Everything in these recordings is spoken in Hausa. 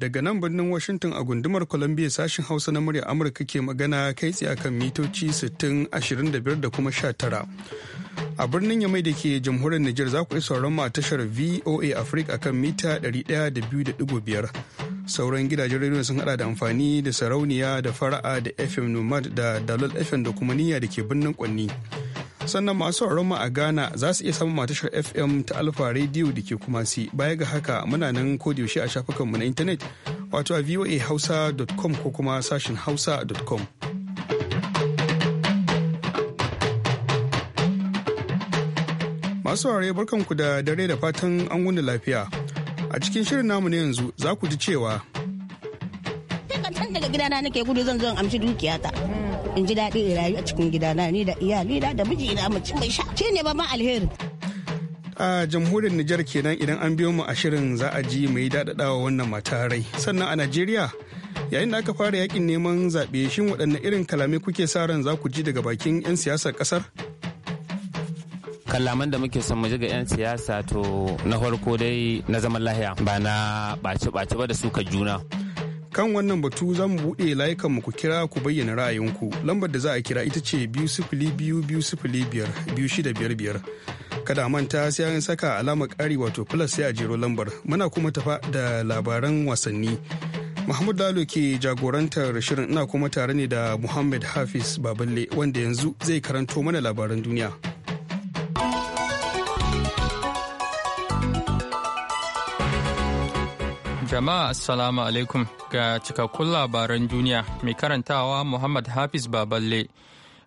daga nan birnin Washington a gundumar Columbia sashen Hausa na murya Amurka ke magana kai tsaye akan mitoci 60, 25 da kuma 19. A birnin Yamai da ke jamhuriyar Nijar za ku yi sauran ma tashar VOA Africa akan mita 102.5. Sauran gidajen rediyo sun hada da amfani da sarauniya da fara'a da FM Nomad da Dalol FM da kuma niyya da ke birnin Kwanni. sannan masu mu a ghana za su iya samun matashar fm ta alfa radio da ke kuma si baya ga haka muna nan yaushe a shafukanmu na intanet wato a voahausa.com ko kuma sashin hausa.com masu ware barkanku da dare da fatan an gunda lafiya a cikin shirin namu na yanzu za ku ji cewa tun daga gidana nake gudu zan zo in amshi dukiyata mm. in ji daɗi in rayu a cikin gidana ni da iyali da miji na mace mai sha ce ne ma alheri a jamhuriyar Nijar kenan idan an biyo mu a shirin za a ji mai daɗaɗawa wannan mata rai sannan a Najeriya yayin da aka fara yakin neman zaɓe shin waɗanne irin kalamai kuke sa ran za ku ji daga bakin 'yan siyasar ƙasar? kallaman da muke son ji ga 'yan siyasa to na farko dai na zaman lahiya ba na ɓace-ɓace ba da suka juna. kan wannan batu za mu buɗe mu ku kira ku bayyana ra'ayinku lambar da za a kira ita ce biyu sifili biyu biyu sifili biyar biyu shida biyar biyar kada manta sai an saka alamar ƙari wato plus sai a jero lambar muna kuma tafa da labaran wasanni Mahmud Lalo ke jagorantar shirin ina kuma tare ne da Muhammad Hafiz Baballe wanda yanzu zai karanto mana labaran duniya. Jama'a Assalamu alaikum ga cikakkun labaran duniya mai karantawa Muhammad Hafiz Baballe.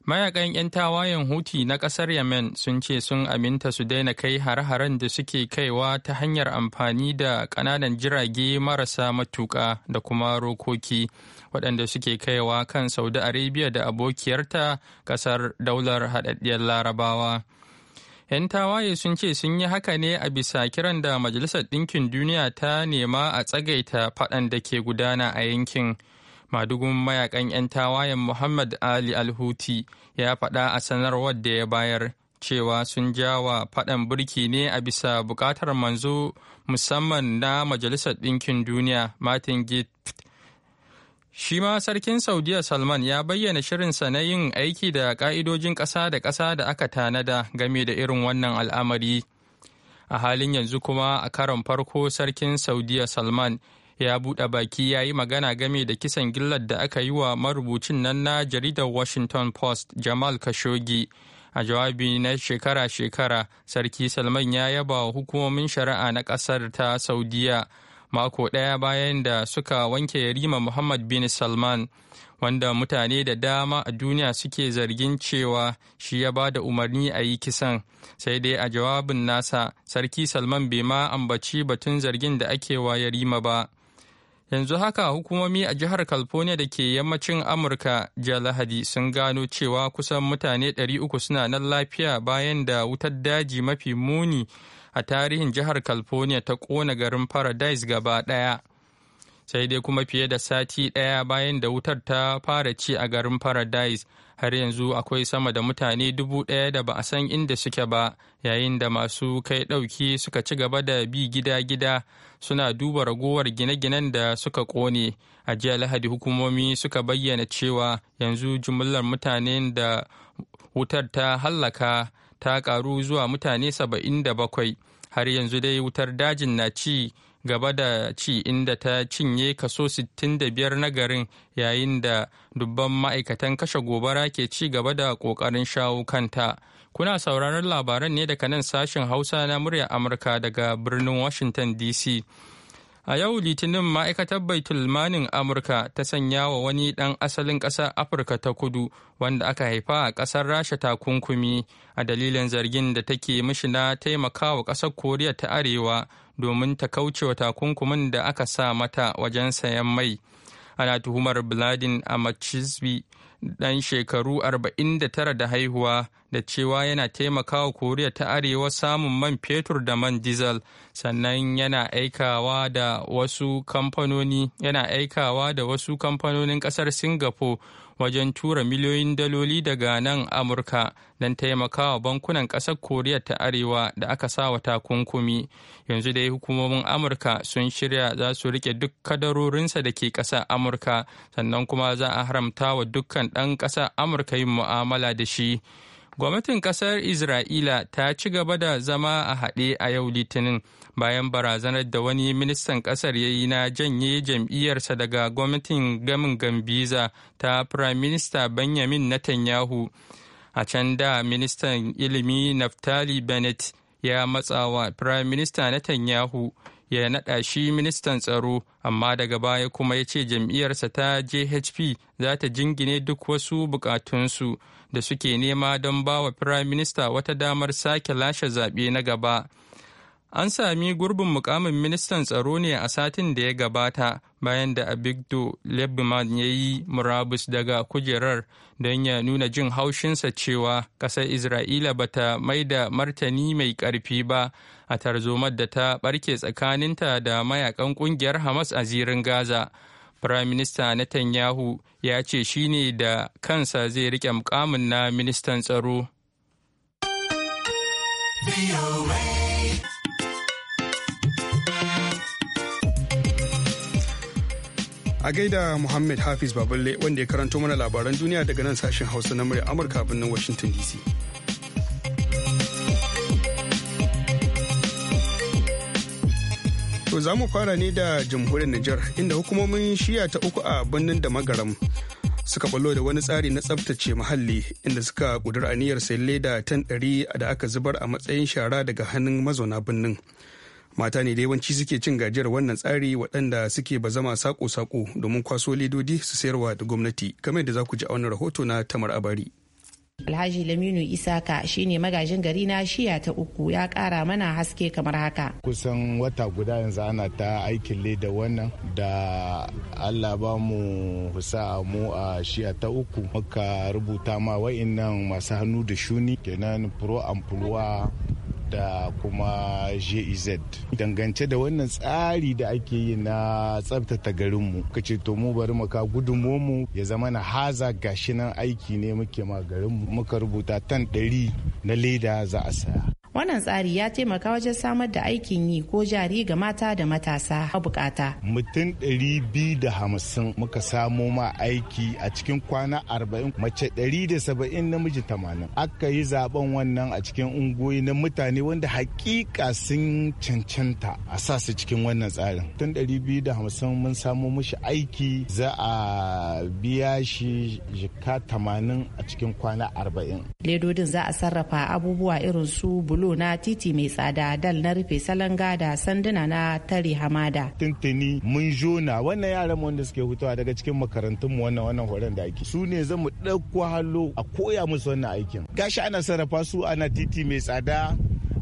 Mayakan 'yan tawayen Huti na ƙasar Yemen sun ce sun aminta su daina kai har-haren da suke kaiwa ta hanyar amfani da ƙananan jirage marasa matuƙa da kuma rokoki waɗanda suke kaiwa kan Saudi Arabia da abokiyarta ƙasar daular haɗaɗɗiyar Larabawa. 'yan tawaye sun ce sun yi haka ne a bisa kiran da majalisar ɗinkin duniya ta nema a tsagaita faɗan da ke gudana a yankin madugun mayakan 'yan tawayen muhammad ali alhuti ya faɗa a sanarwar da ya bayar cewa sun jawa faɗan burki ne a bisa buƙatar manzo musamman na majalisar ɗinkin duniya martin gift Shi ma sarkin Saudiya Salman ya bayyana shirinsa na yin aiki da ƙa'idojin ƙasa da ƙasa da aka tanada game da irin wannan al'amari. A halin yanzu kuma a karon farko sarkin Saudiya Salman ya buɗe baki ya yi magana game da kisan gillar da aka yi wa marubucin nan na jaridar Washington Post Jamal Khashoggi. a jawabi na shekara-shekara sarki salman ya yaba wa hukumomin shari'a na ƙasar ta saudiya mako ɗaya bayan da suka wanke yarima Muhammad bin Salman, wanda mutane da dama a duniya suke zargin cewa shi ya ba da umarni a yi kisan, sai dai a jawabin nasa Sarki Salman bai ma ambaci batun zargin da ake wa yarima ba. yanzu haka hukumomi a jihar california da ke yammacin amurka jiya lahadi sun gano cewa kusan mutane 300 suna nan lafiya bayan da wutar daji mafi muni a tarihin jihar california ta kona garin paradise gaba ɗaya sai dai kuma fiye da sati ɗaya bayan da wutar ta fara ci a garin paradise har yanzu akwai sama da mutane dubu ɗaya da ba a san inda suke ba yayin da masu kai ɗauki suka ci gaba da bi gida-gida suna duba ragowar gine-ginen da suka ƙone a jiya lahadi hukumomi suka bayyana cewa yanzu jumlar mutanen da wutar ta hallaka ta karu zuwa mutane 77 har yanzu dai wutar dajin na ci gaba da ci inda ta cinye kaso 65 na garin yayin da dubban ma'aikatan kashe gobara ke ci gaba da ƙoƙarin shawo kanta kuna sauraron labaran ne daga nan sashen hausa na murya amurka daga birnin washington dc A yau Litinin ma'aikatar Baitulmanin Amurka ta sanya wa wani ɗan asalin ƙasar Afirka ta kudu wanda aka haifa a ƙasar Rasha takunkumi a dalilin zargin da take mishi na taimakawa ƙasar Koriya ta Arewa domin ta kauce wa takunkumin da aka sa mata wajen sayan mai. Ana tuhumar Bladin Amachizbi ɗan shekaru 49 da haihuwa da cewa yana taimakawa koriya ta arewa samun man fetur da man diesel sannan yana aikawa da wasu kamfanoni yana aikawa da wasu kamfanonin ƙasar singapore wajen tura miliyoyin daloli daga nan amurka don taimakawa bankunan ƙasar koriya ta arewa da aka sawa takunkumi yanzu dai hukumomin amurka sun shirya za su rike duk kadarorinsa da ke ƙasar amurka sannan kuma za a haramta wa dukkan ɗan ƙasar amurka yin mu'amala da shi Gwamnatin kasar Isra'ila ta ci gaba da zama a haɗe a yau Litinin bayan barazanar da wani ministan kasar ya yi na janye jam'iyyarsa daga gwamnatin gamin Gambiza ta Prime Minister Benjamin Netanyahu. A can da ministan ilimi Naftali Bennett ya matsawa Prime Minister Netanyahu ya naɗa shi ministan tsaro amma daga baya kuma ya ce jam'iyyarsa ta jhp za ta jingine duk wasu bukatunsu da suke nema don ba wa firayim minista wata damar sake lashe zaɓe na gaba An sami gurbin mukamin ministan tsaro ne a satin da ya gabata bayan da Abigdo Lebman ya yi murabus daga kujerar don ya nuna jin haushinsa cewa ƙasar Isra'ila bata mai da martani mai ƙarfi ba a tarzomar da ta ɓarke tsakaninta da mayakan ƙungiyar Hamas a zirin Gaza. Firayim Minista Netanyahu ya ce shi ne da kansa zai riƙe mukamin na ministan tsaro. A gaida Muhammad Hafiz Baballe wanda ya karanto mana labaran duniya daga nan sashen Hausa na murya Amurka birnin Washington DC. To za mu fara ne da jamhuriyar Nijar inda hukumomin shiya ta uku a birnin da magaram suka ballo da wani tsari na tsabtace muhalli inda suka kudura aniyar sai leda tan ɗari da aka zubar a matsayin shara daga hannun mazauna birnin. mata ne da yawanci suke cin gajiyar wannan tsari waɗanda suke bazama sako-sako domin kwaso ledodi su sayarwa da gwamnati kamar da za ku ji a wannan rahoto na tamar abari Alhaji Laminu Isaka shine magajin gari na shiya ta uku ya kara mana haske kamar haka. Kusan wata guda yanzu ana ta aikin leda wannan da Allah ba mu husa mu a shiya ta uku muka rubuta ma nan masu hannu da shuni kenan pro amfulwa da kuma gez Dangance da wannan tsari da ake yi na tsabtata garinmu, ka ce to mu bari maka gudunmu ya zama na haza gashi nan aiki ne muke ma garinmu muka rubuta tan ɗari na leda za a saya. wannan tsari ya taimaka wajen samar da aikin yi ko jari ga mata da matasa bukata. mutum biyu da hamsin muka samo ma aiki a cikin kwana arba'in mace ɗari da saba'in namiji tamanin aka yi zaben wannan a cikin ungoyi na mutane wanda hakika sun cancanta a sa su cikin wannan tsarin tun hamsin mun samo mushi aiki za a biya shi jika tamanin a cikin kwana arba'in ledodin za a sarrafa abubuwa irin su bulu bulo na titi mai tsada dal na rufe salon gada sanduna na tare hamada Tintini mun jona wannan yaran wanda suke hutawa daga cikin makarantun mu wannan wannan horon da ake su ne zamu dauko hallo a koya musu wannan aikin gashi ana sarrafa su ana titi mai tsada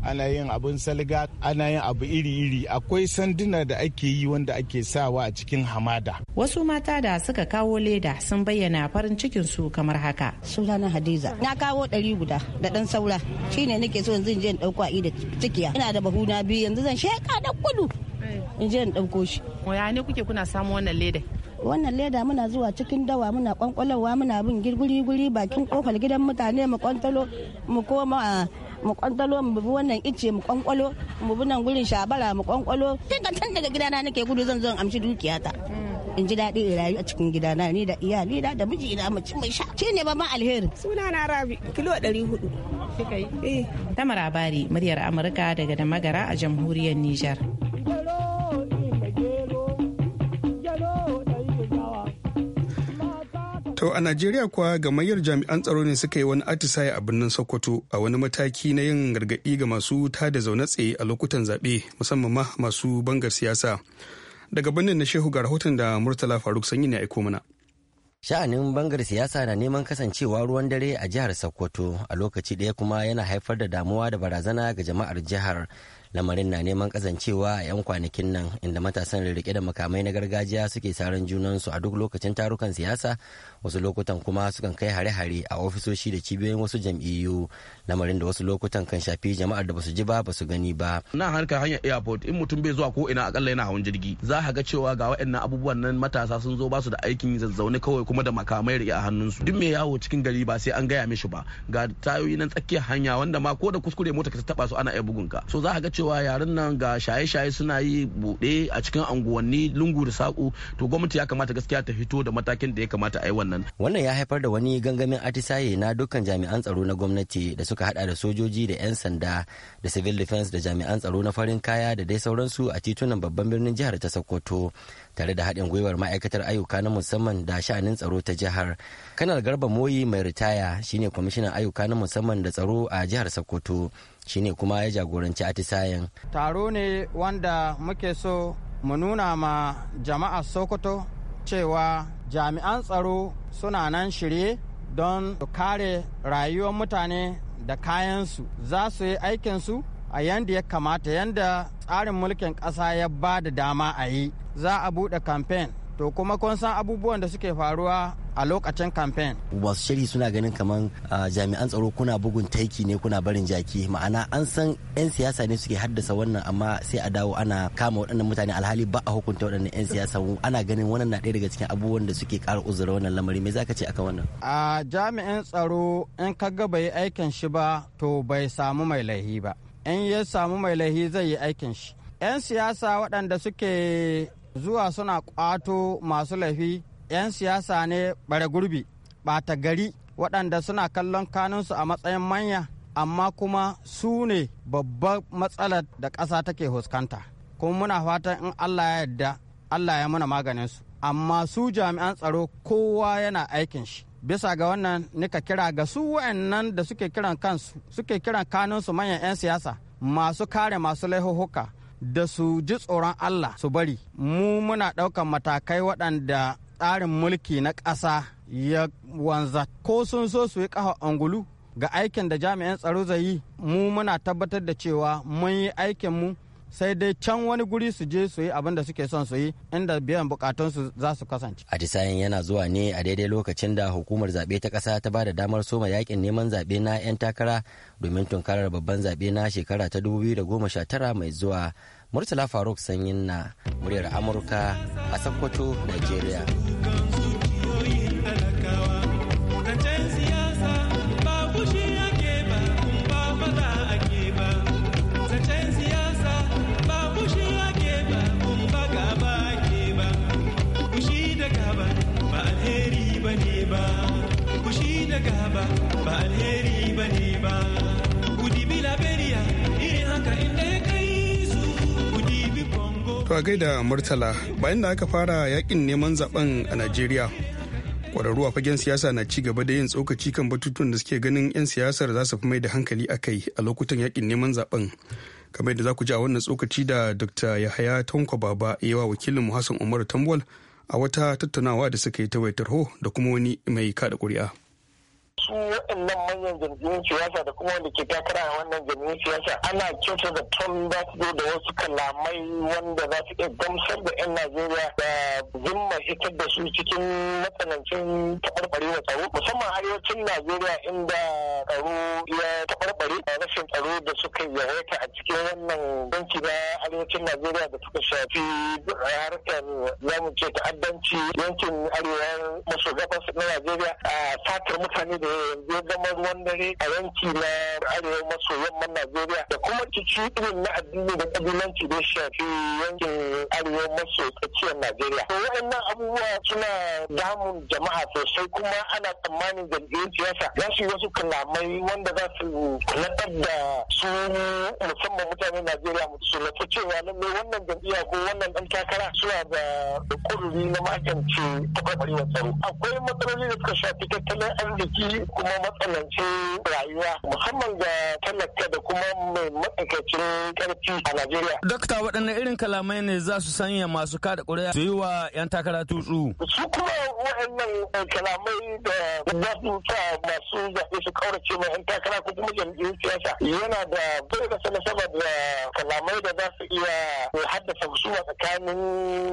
ana yin abin salga ana yin abu iri-iri akwai sanduna da ake yi wanda ake sawa a cikin hamada wasu mata da suka kawo leda sun bayyana farin cikin su kamar haka sunana hadiza na kawo ɗari guda da ɗan saura shine nake so yanzu in je in ɗauko a da cikiya ina da bahuna biyu yanzu zan sheka da kudu in je in ɗauko shi waya ne kuke kuna samu wannan leda wannan leda muna zuwa cikin dawa muna kwankwalowa muna bin gurguri guri bakin kofar gidan mutane mu kwantalo mu koma mu kwankwalo mu bi wannan ice mu kwankwalo mu bi nan gurin shabara mu kwankwalo tun tun daga gidana nake gudu zan zo in amshi dukiyata mm. in ji daɗi in rayu a cikin gidana ni da iyali da da miji da mace mai sha ce ne ma alheri suna na rabi kilo 400 eh. tamar bari muryar amurka daga da magara a jamhuriyar nijar. To a Najeriya kuwa gamayyar jami'an tsaro ne suka yi wani atisaye a birnin Sokoto a wani mataki na yin gargaɗi ga masu tada zaune tsaye a lokutan zaɓe musamman ma masu bangar siyasa. Daga birnin na Shehu ga rahoton da Murtala Faruk Sanyi ne aiko mana. Sha'anin bangar siyasa na neman kasancewa ruwan dare a jihar Sokoto a lokaci ɗaya kuma yana haifar da damuwa da barazana ga jama'ar jihar lamarin na neman kazancewa a 'yan kwanakin nan inda matasan rirriƙe da makamai na gargajiya suke saran su a duk lokacin tarukan siyasa wasu lokutan kuma sukan kai hare-hare a ofisoshi da cibiyoyin wasu jam'iyyu lamarin da wasu lokutan kan shafi jama'ar da basu ji ba basu gani ba na harkar hanyar airport in mutum bai zuwa ko ina akalla yana hawan jirgi za ka ga cewa ga waɗannan abubuwan nan matasa sun zo basu da aikin zazzaune kawai kuma da makamai rike a hannunsu duk mai yawo cikin gari ba sai an gaya mishi ba ga tayoyi nan tsakiyar hanya wanda ma ko da kuskure mota ka taɓa su ana iya bugunka so za ka ga cewa yaren nan ga shaye-shaye suna yi buɗe a cikin anguwanni lungu da saƙo to gwamnati ya kamata gaskiya ta fito da matakin da ya kamata a yi wannan. Wannan ya haifar da wani gangamin atisaye na dukkan jami'an tsaro na gwamnati da suka hada da sojoji da 'yan sanda da civil defense da jami'an tsaro na farin kaya da dai sauransu a titunan babban birnin jihar ta Sokoto tare da haɗin gwiwar ma'aikatar ayyuka na musamman da sha'anin tsaro ta jihar kanar garba moyi mai ritaya shine kwamishinan ayyuka na musamman da tsaro a jihar sokoto shine kuma ya jagoranci atisayen taro ne wanda muke so mu nuna ma jama'a sokoto cewa jami'an tsaro suna nan shirye don kare rayuwar mutane da kayansu za su yi aikinsu a yanda ya kamata yanda tsarin mulkin kasa ya ba da dama a yi za a buɗe kamfen to kuma kun san abubuwan da suke faruwa a lokacin kamfen. Wasu shiri suna ganin kamar jami'an tsaro kuna bugun taiki ne kuna barin jaki ma'ana an san 'yan siyasa ne suke haddasa wannan amma sai a dawo ana kama waɗannan mutane alhali ba a hukunta waɗannan 'yan siyasa ana ganin wannan na ɗaya daga cikin abubuwan da suke ƙara uzura wannan lamari me za ka ce akan wannan. A jami'in tsaro in ka ga bai aikin shi ba to bai samu mai laihi ba. in ya samu mai laihi zai yi aikin shi 'yan siyasa waɗanda suke zuwa suna ƙwato masu laifi 'yan siyasa ne bare gurbi ɓata gari waɗanda suna kallon kanunsu a matsayin manya amma kuma su ne babbar matsalar da ƙasa take huskanta kuma muna fatan in allah ya yarda allah ya muna maganinsu amma su jami'an tsaro kowa yana aikin shi bisa ga wannan nika kira ga su wa'annan da suke kiran kansu suke kiran kanunsu manyan 'yan siyasa masu kare masu laihuhuka da su ji tsoron Allah su bari mu muna ɗaukan matakai waɗanda tsarin mulki na ƙasa ya wanza ko sun so su yi ƙafa angulu ga aikin da jami'an tsaro zai yi mu muna tabbatar da cewa mun yi aikin mu sai dai can wani guri su je su yi abin da suke son su yi inda biyan bukatunsu za su kasance. a Atisayen yana zuwa ne a daidai lokacin da hukumar zaɓe ta ƙasa ta ba da damar soma yakin neman zaɓe na 'yan takara domin tunkarar babban zaɓe na shekara ta 2019 mai zuwa. Murtala Faruk Sanyin na muryar Amurka a Sokoto, Nigeria. To a gaida Murtala bayan da aka fara yakin neman zaben a Najeriya. Kwararru fagen siyasa na ci gaba da yin tsokaci kan batutuwan da suke ganin 'yan siyasar za su fi mai da hankali a kai a lokutan yakin neman zaben. Kamar da za ku ji a wannan tsokaci da Dr. Yahaya Tanko Baba yawa wa wakilin Hassan Umaru Tambol a wata tattaunawa da suka yi ta waitar ho da kuma wani mai kaɗa ƙuri'a. su waɗannan manyan jami'in siyasa da kuma wanda ke takara a wannan jami'in siyasa ana kyauta da tun za su zo da wasu kalamai wanda za su iya gamsar da 'yan Najeriya da zimma hitar da su cikin matsanancin taɓarɓarewa tsaro musamman arewacin Najeriya inda tsaro ya taɓarɓare a rashin tsaro da suka yawaita a cikin wannan banki na arewacin najeriya da suka shafi harkar zamu ce ta'addanci yankin arewa maso gabas na najeriya a satar mutane da yanzu zama ruwan dare a yanki na arewa maso yamman najeriya da kuma cici irin na addini da kabilanci da shafi yankin arewa maso tsakiyar najeriya to waɗannan abubuwa suna damun jama'a sosai kuma ana tsammanin jam'iyyar siyasa za su yi wasu kalamai wanda za su su da su musamman mutane Najeriya mutu su lafi cewa mai wannan jam'iyya ko wannan ɗan takara suna da kururi na magance taɓarɓarewar tsaro. Akwai matsaloli da suka shafi tattalin arziki kuma matsalancin rayuwa musamman ga talaka da kuma mai matsakaicin ƙarfi a Najeriya. Dokta waɗanne irin kalamai ne za su sanya masu kada ƙuri'a su yi wa 'yan takara tutsu? Su kuma waɗannan kalamai da za su sa masu zaɓe su kaurace ma 'yan takara ko kuma jam'iyyun siyasa yana da bai da nasaba da kalamai da za su iya haddasa husuma tsakanin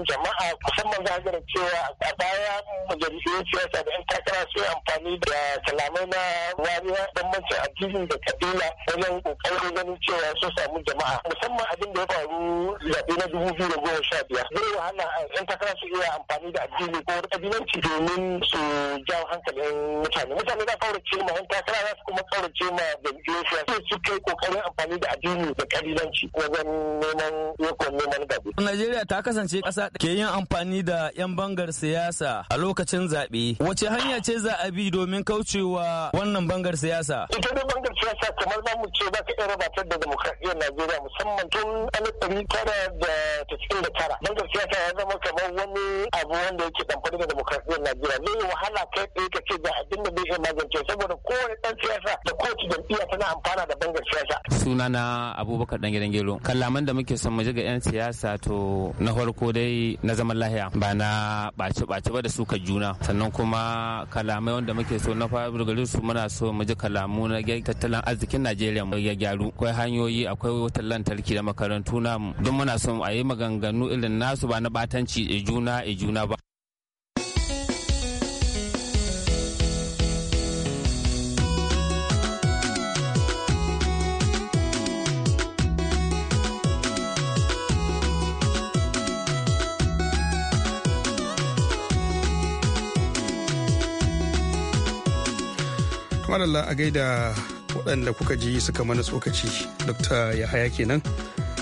jama'a musamman za a cewa a baya jam'iyyun siyasa da 'yan takara su amfani da kalamai na wariya bambancin addini da kabila wajen kokarin ganin cewa sun samu jama'a musamman abin da ya faru zaɓe na dubu biyu da goma sha biyar zai wahala 'yan takara su iya amfani da addini ko kabilanci domin su jawo hankalin mutane mutane za kaurace ma 'yan takara za su kuma kaurace ma Iglesias su kai kokarin amfani da addini da kabilanci wajen neman yakon neman gabe. Najeriya ta kasance ƙasa ke yin amfani da 'yan bangar siyasa a lokacin zaɓe. Wace hanya ce za a bi domin kaucewa wannan bangar siyasa? Ita dai bangar siyasa kamar za mu ce za ka iya rabatar da demokradiyyar Najeriya musamman tun alif ɗari tara da tasirin da tara. Bangar siyasa ya zama kamar wani abu wanda yake ɗamfani da demokradiyyar Najeriya. Zai wahala kai tsaye ka ce za abin da bai iya magance saboda kowane ɗan siyasa da kowace jam'iyya tana amfana da bangar siyasa. sunana abubakar Dangi gidan gero kallaman da muke son mu ga 'yan siyasa to na farko dai na zaman lahiya ba na ɓace ɓace ba da suka juna sannan kuma kalamai wanda muke so na faru gare su muna so mu ji kalamu na tattalin arzikin najeriya ya gyaru akwai hanyoyi akwai wutar lantarki da makarantu namu don muna son a yi maganganu irin nasu ba na batanci eh, juna eh, juna ba madalla a gaida waɗanda kuka ji suka mana tsokaci dr yahaya kenan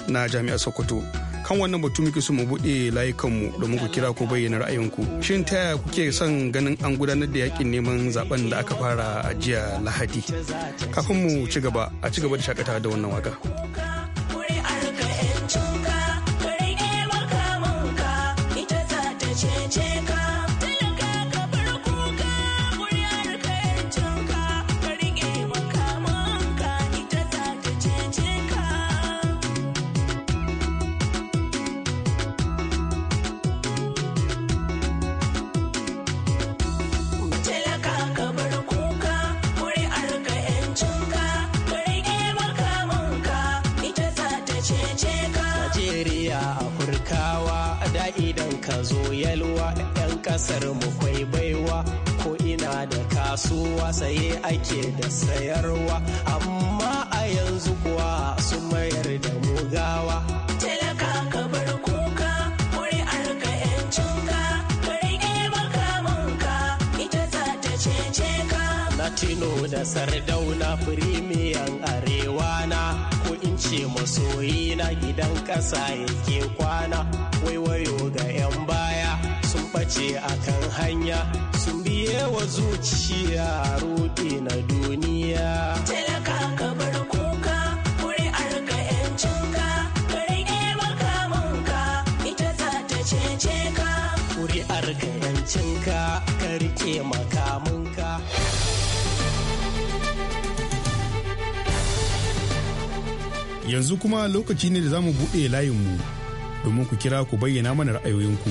na jami'ar sokoto kan wannan batu muke so mu buɗe layukanmu domin ku kira ko bayyana ra'ayinku shin ta yaya kuke son ganin an gudanar da yakin neman zaben da aka fara a jiya lahadi kafin mu ci gaba a ci gaba da shakatawa da wannan waka. kasar mu kwai baiwa ko ina da kasuwa saye ake da sayarwa amma a yanzu kuwa sun mayar da mu gawa talaka ka bar kuka kuri'ar ita za ta ka latino da sardauna firimiyan arewa na ko in ce masoyi na gidan ƙasa yake kwana waiwayo ga 'yan baya ɓace a kan hanya sun biye wa zuciya roɗe na duniya. Talaka ka bar kuka, kuri'ar ka ‘yancinka, ka makamanka, ita za ta cece ka. Kuri'ar ka ‘yancinka, ka rike makamanka. Yanzu kuma lokaci ne da za mu buɗe layinmu domin ku kira ku bayyana mana ra'ayoyinku.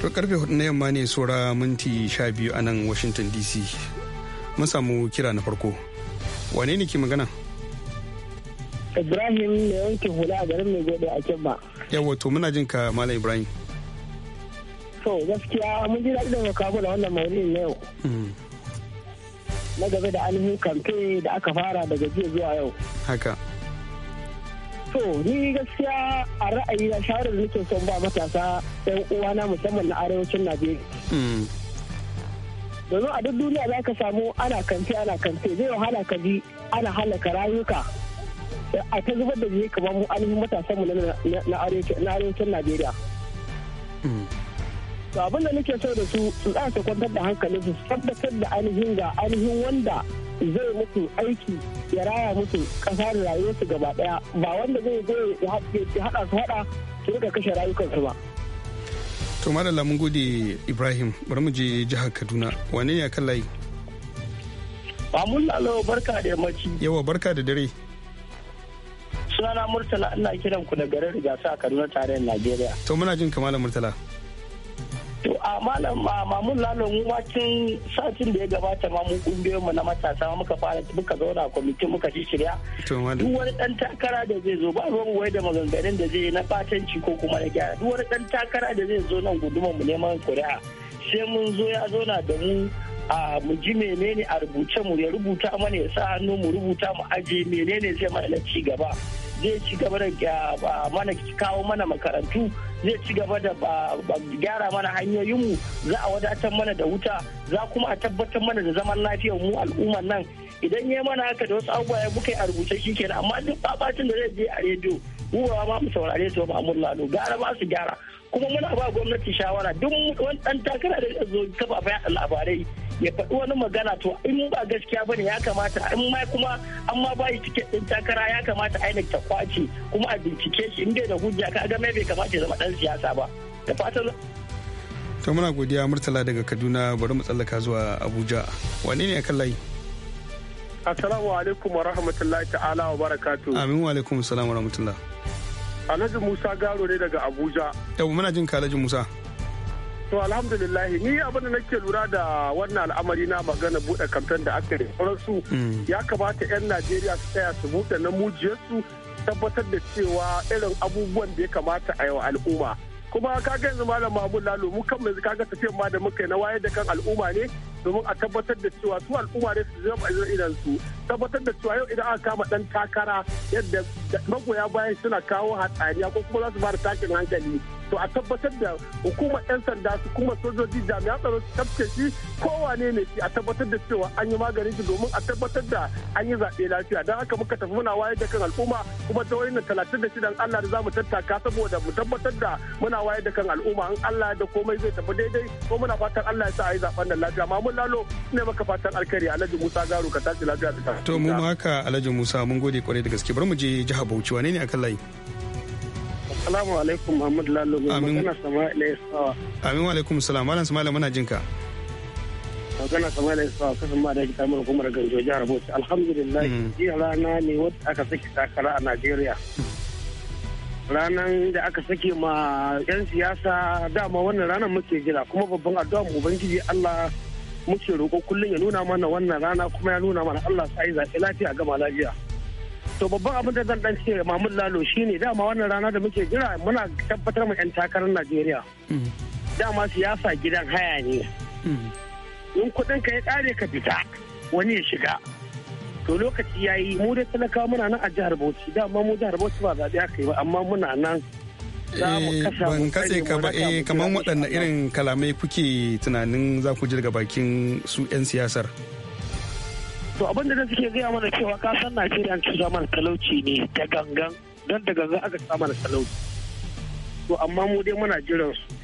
to karfe hudu na yamma ne saura minti sha biyu a nan washington dc mun samu kira na farko wane ne ke magana ibrahim ne wanke hula a garin mai gobe a kimba yawa to muna jin ka malam ibrahim so gaskiya mun ji daɗin da kawo wannan maulidin na yau hmm. na gaba da ainihin kamfe da aka fara daga jiya zuwa yau haka so ni gaskiya a ra'ayi na shawarar da nake son ba matasa ɗan uwana musamman na arewacin Najeriya. Hmm. Domin a duk duniya za ka samu ana kante ana kante zai wahala ka ji ana halaka rayuka a ta zubar da jini kamar mu ainihin matasan mu na arewacin Najeriya. Hmm. To abin da nake so da su su tsaya su kwantar da hankalinsu su tabbatar da ainihin ga ainihin wanda zai mutu aiki ya raya mutu kasa da rayuwarsu gaba ɗaya ba wanda zai zo ya haɗa su haɗa su rika kashe rayukansu ba. To madalla mun gode Ibrahim bari mu je jihar Kaduna wane ya kan layi? mun Lalo barka da yammaci. Yawa barka da dare. Sunana Murtala ina kiran ku da garin rigasa a Kaduna tarayyar Najeriya. To muna jin kamala Murtala. To a malam mamun lalo mu tun satin da ya gabata ma mu kungiyoyin mu na matasa muka fara muka zauna kwamitin muka ji shirya. Duk wani dan takara da zai zo ba ruwan wai da maganganun da zai na batanci ko kuma na gyara duk wani dan takara da zai zo nan gudumar mu neman kuri'a sai mun zo ya zauna da mu a mu ji menene a rubuce mu ya rubuta mana ya sa hannu mu rubuta mu aje menene sai mana ci gaba zai ci gaba da mana kawo mana makarantu zai ci gaba da gyara mana hanyoyinmu za a wadatar mana da wuta za kuma a tabbatar mana da zaman lafiyar mu al'ummar nan idan ya mana haka da wasu abubuwa ya muka yi a rubuce shi kenan amma duk babatun da zai je a rediyo wuwa ma mu saurare su ba mu lalo gara ba su gyara kuma muna ba gwamnati shawara duk wani dan takara da zo kafafen labarai ya faɗi wani magana to in ba gaskiya bane ya kamata in ma kuma an ma bayi tiket din takara ya kamata INEC ta kwace kuma a bincike shi in dai da hujja ka ga mai bai kamata ya zama dan siyasa ba da fatan to muna godiya murtala daga kaduna bari mu tsallaka zuwa abuja wane ne akan layi assalamu alaikum wa rahmatullahi ta'ala wa barakatu amin wa alaikum salam wa rahmatullahi alhaji musa garo ne daga abuja yau muna jin ka alhaji musa To alhamdulillah ni abin da nake lura da wannan al'amari na magana buɗe kamfen da aka rikon su mm. ya kamata 'yan Najeriya su tsaya su buɗe na mujiyarsu tabbatar da cewa irin abubuwan da ya kamata a yawa al'umma. kuma kaga yanzu malam mahmud lalo mu kan yanzu kaga tafiyan ma da muka na wayar da kan al'umma ne domin a tabbatar da cewa su al'umma ne su zama a idan su tabbatar da cewa yau idan aka kama dan takara yadda magoya bayan suna kawo hatsariya ko kuma za su ba da takin hankali to a tabbatar da hukumar 'yan sanda su kuma sojoji jami'an tsaro su tafke shi kowane ne shi a tabbatar da cewa an yi maganin shi domin a tabbatar da an yi zaɓe lafiya don haka muka tafi muna wayar da kan al'umma kuma ta wani talatin da shidan Allah da za mu tattaka saboda mu tabbatar da muna wayar da kan al'umma in Allah da komai zai tafi daidai ko muna fatan Allah ya sa a yi zaɓen nan lafiya mamun lalo ne maka fatan alkhairi Alhaji Musa Garu ka tashi lafiya da To mu haka Alhaji Musa mun gode kwarai da gaske bari mu je jihar Bauchi wane ne akan layi? Assalamu alaikum Muhammad Lalo Amin. magana Sama'ila Isawa. Amin wa alaikum salam. Malam Sama'ila muna jinka. Magana Sama'ila Isawa kasan ma da kitar mura kuma daga jihar Bauchi. Alhamdulillah mm. jiya rana ne wata aka saki takara a Najeriya. ranar da aka sake ma 'yan siyasa dama wannan ranar muke jira kuma babban addu'a mu ubangiji Allah muke roƙo kullum ya nuna mana wannan rana kuma ya nuna mana Allah sa yi lafiya gama lafiya. to babban abin da zan dan ce Mahmud Lalo shine dama wannan rana da muke jira muna tabbatar mu 'yan takarar Najeriya. Hmm. Dama siyasa gidan haya ne. Hmm. In kuɗin ka ya kare ka fita wani ya shiga. To lokaci ya yi mu da talakawa muna nan a jihar Bauchi dama mu jihar Bauchi ba zaɓe aka yi ba amma muna nan eh, ban katse ka ba eh kamar waɗanne irin kalamai kuke tunanin za ku jirga bakin su 'yan siyasar. to abin da suke gaya mana cewa kasan najeriya an zama talauci ne da gangan don da gangan aka samu da talauci to amma mu dai muna jiran su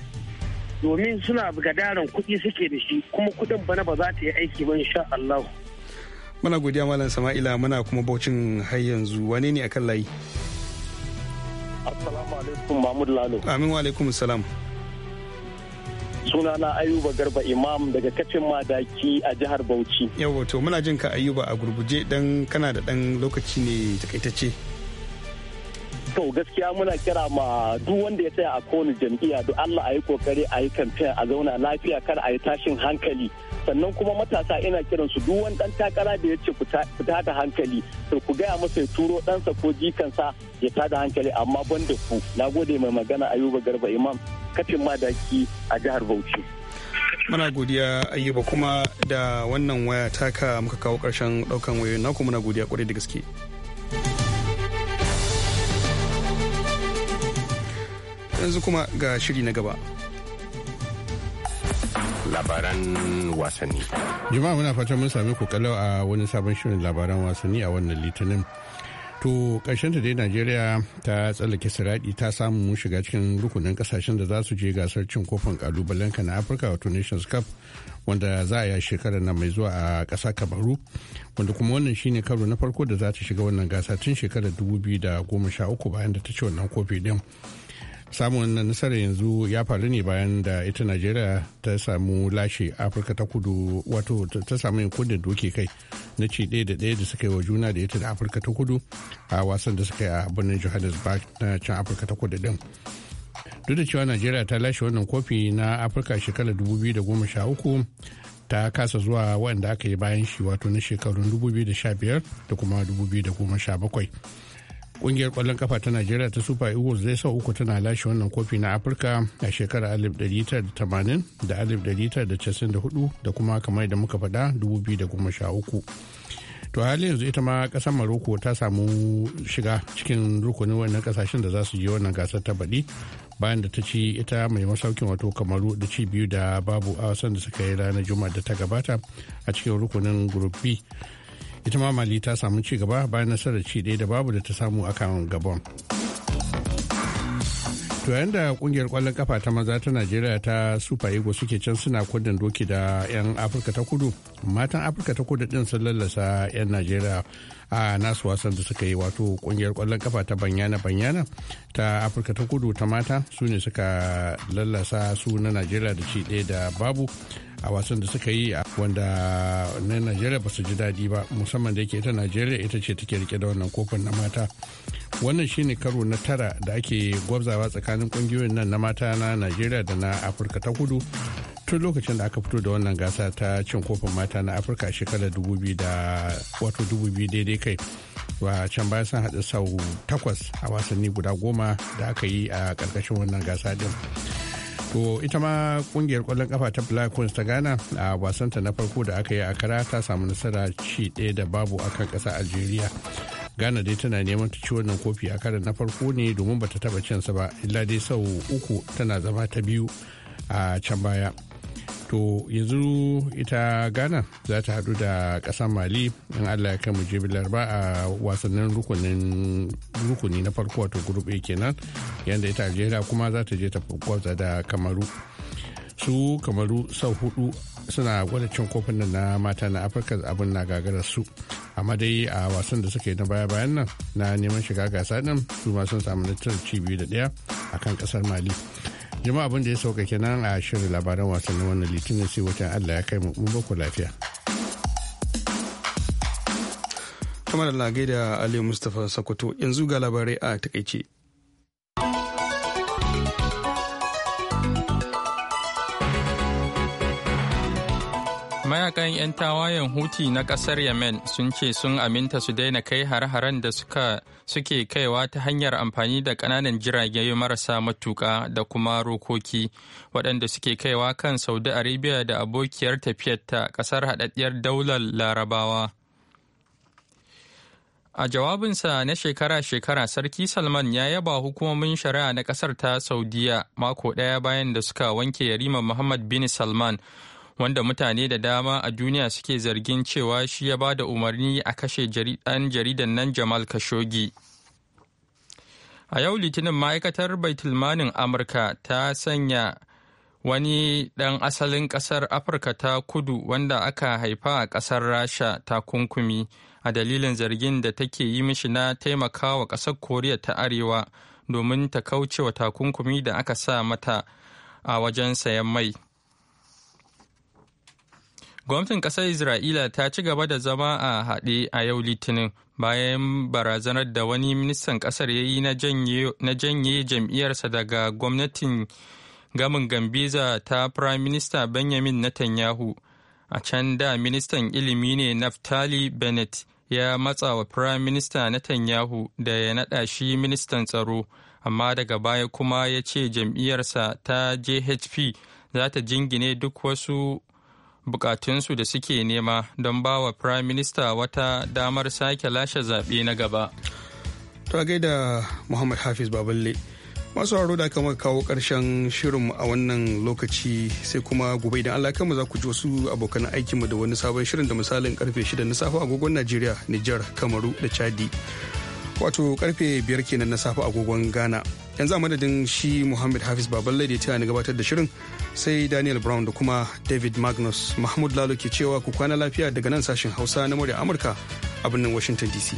domin suna gadaran kuɗi suke da shi kuma kuɗin bana ba za ta yi aiki ba insha Allah. Muna godiya Malam Sama'ila muna kuma baucin har yanzu wane ne akan layi? Assalamu alaikum Mahmud Lalo. Amin wa alaikum salam. sunana ayuba garba imam daga kacin madaki a jihar bauchi yawo to muna jin ka ayuba a gurguje dan kana da dan lokaci ne takaitacce to gaskiya muna kira ma duk wanda ya tsaya a kowane jam'iyya duk allah a yi kokari a yi kamfen a zauna lafiya kar a yi tashin hankali sannan kuma matasa ina kiran su duk wani dan takara da ya ce fita da hankali to ku gaya masa ya turo ɗansa ko jikansa ya ta da hankali amma ban da ku na gode mai magana ayuba garba imam kafin madaki a jihar bauchi muna godiya ayuba kuma da wannan waya taka muka kawo karshen daukan wayoyin naku muna godiya kwarai da gaske yanzu kuma ga shiri na gaba labaran wasanni. Jama'a muna fatan mun sami ku kalau a wani sabon shirin labaran wasanni a wannan litinin. To ƙarshen da dai Najeriya ta tsallake siraɗi ta samu shiga cikin rukunin ƙasashen da za su je gasar cin kofin ƙalubalenka na Afirka wato Nations Cup wanda za a yi shekarar nan mai zuwa a ƙasa kabaru wanda kuma wannan shine karo na farko da za ta shiga wannan gasa tun shekarar 2013 bayan da ta ci wannan kofi din. samun wannan nasarar yanzu ya faru ne bayan da ita najeriya ta samu lashe afirka ta kudu wato ta samu yin kudin doke kai na ci ɗaya da ɗaya da suka yi wa juna da ita da afirka ta kudu a wasan da suka yi a birnin johannesburg na can afirka ta kudu din duk da cewa najeriya ta lashe wannan kofi na afirka shekarar 2013 ta kasa zuwa wanda aka yi bayan shi wato na shekarun 2015 da kuma 2017 kungiyar kwallon kafa ta najeriya ta super eagles zai sau uku tana lashe wannan kofi na afirka a shekarar 1980 da 1994 da kuma kamar da muka faɗa 2013 to hali yanzu ita ma kasar maroko ta samu shiga cikin rukunin wannan kasashen da za su je wannan gasar ta baɗi bayan da ta ci ita mai masaukin wato kamaru da ci biyu da babu a wasan da suka yi ranar juma'a da ta gabata a cikin rukunin group b ita ma mali ta samu ci gaba bayan nasarar ci ɗaya da babu da ta samu kan gabon to yayin da kungiyar kwallon kafa ta maza ta najeriya ta super ego suke can suna kudin doki da 'yan afirka ta kudu matan afirka ta kudu din sun lallasa 'yan najeriya a nasu wasan da suka yi wato kungiyar kwallon kafa ta banyana banyana ta afirka ta kudu ta mata su ne suka lallasa su na najeriya da ci ɗaya da babu a wasan da suka yi wanda na najeriya ba su ji daɗi ba musamman da yake ita najeriya ita ce take rike da wannan kofin na mata wannan shine karo na tara da ake gwabzawa tsakanin kungiyoyin nan na mata na najeriya da na afirka ta kudu tun lokacin da aka fito da wannan gasa ta cin kofin mata na afirka shekarar 2000 wato biyu daidai kai wa can baya sun haɗu sau takwas a wasanni guda goma da aka yi a ƙarƙashin wannan gasa din to ita ma kungiyar kwallon kafa ta black queens ta ghana a wasanta na farko da aka yi a kara ta samu nasara ci ɗaya da babu a kan ƙasa algeria ghana dai tana neman ta ci wannan kofi a karan na farko ne domin ba ta taba cinsa ba illa dai sau uku tana zama ta biyu a can baya to yanzu ita ghana za ta hadu da ƙasar mali in allah ya kai mu jibi a wasannin rukuni na farko wato group kenan yadda ita algeria kuma za ta je ta gwabza da kamaru su kamaru sau hudu suna gwada cin kofin na mata na afirka abin na gagarar su amma dai a wasan da suka yi na baya-bayan nan na neman shiga gasa din su ma sun samu littar ci biyu da daya kan kasar mali jama'a abin da ya sauka kenan a shirin labaran wasannin wannan litinin sai watan allah ya kai mu mun baku lafiya kamar lagai da ali mustapha sokoto yanzu ga labarai a takaice mayakan 'yan tawayen huti na kasar yemen sun ce sun aminta su daina kai har-haren da suka suke kaiwa ta hanyar amfani da kananan jirage marasa matuka da kuma rokoki waɗanda suke kaiwa kan saudi arabia da abokiyar tafiyarta kasar haɗaɗɗiyar daular larabawa A jawabinsa na shekara-shekara Sarki Salman ya yaba hukumomin shari'a na ƙasar ta Saudiya mako ɗaya bayan da suka wanke Yarima Muhammad bin Salman wanda mutane da dama a duniya suke zargin cewa shi ya ba da umarni a kashe ɗan jaridan nan jamal khashoggi a yau litinin ma'aikatar baitulmanin amurka ta sanya wani ɗan asalin ƙasar afirka ta kudu wanda aka haifa a ƙasar rasha takunkumi a dalilin zargin da take yi mishi na taimakawa ƙasar koriya ta arewa domin ta kauce wa takunkumi da aka sa mata a wajen sayan mai Gwamnatin kasar Isra'ila ta ci gaba da zama a haɗe a yau Litinin bayan barazanar da wani ministan kasar ya yi na janye jam'iyyarsa daga gwamnatin gamin Gambiza ta Prime Minister Benjamin Netanyahu. A can da ministan ilimi ne Naftali Bennett ya matsa wa Prime Minister Netanyahu da ya naɗa shi ministan tsaro, amma daga baya kuma ya ce jam'iyyarsa ta JHP za ta jingine duk wasu bukatunsu da suke nema don ba wa prime minister wata damar sake lashe zaɓe na gaba. ta gaida muhammad hafiz baballe masu haro da aka kawo karshen shirin a wannan lokaci sai kuma gobe idan allah kanmu za ku ji wasu abokan aikinmu da wani sabon shirin da misalin karfe 6 na safe agogon najeriya nijar kamaru da chadi. wato karfe biyar kenan na safe agogon ghana yanzu a madadin shi muhammad hafiz baballe da tana ni gabatar da shirin sai daniel brown da kuma david magnus mahmud lalo ke cewa ku kwana lafiya daga nan sashen hausa na murya amurka a birnin washington dc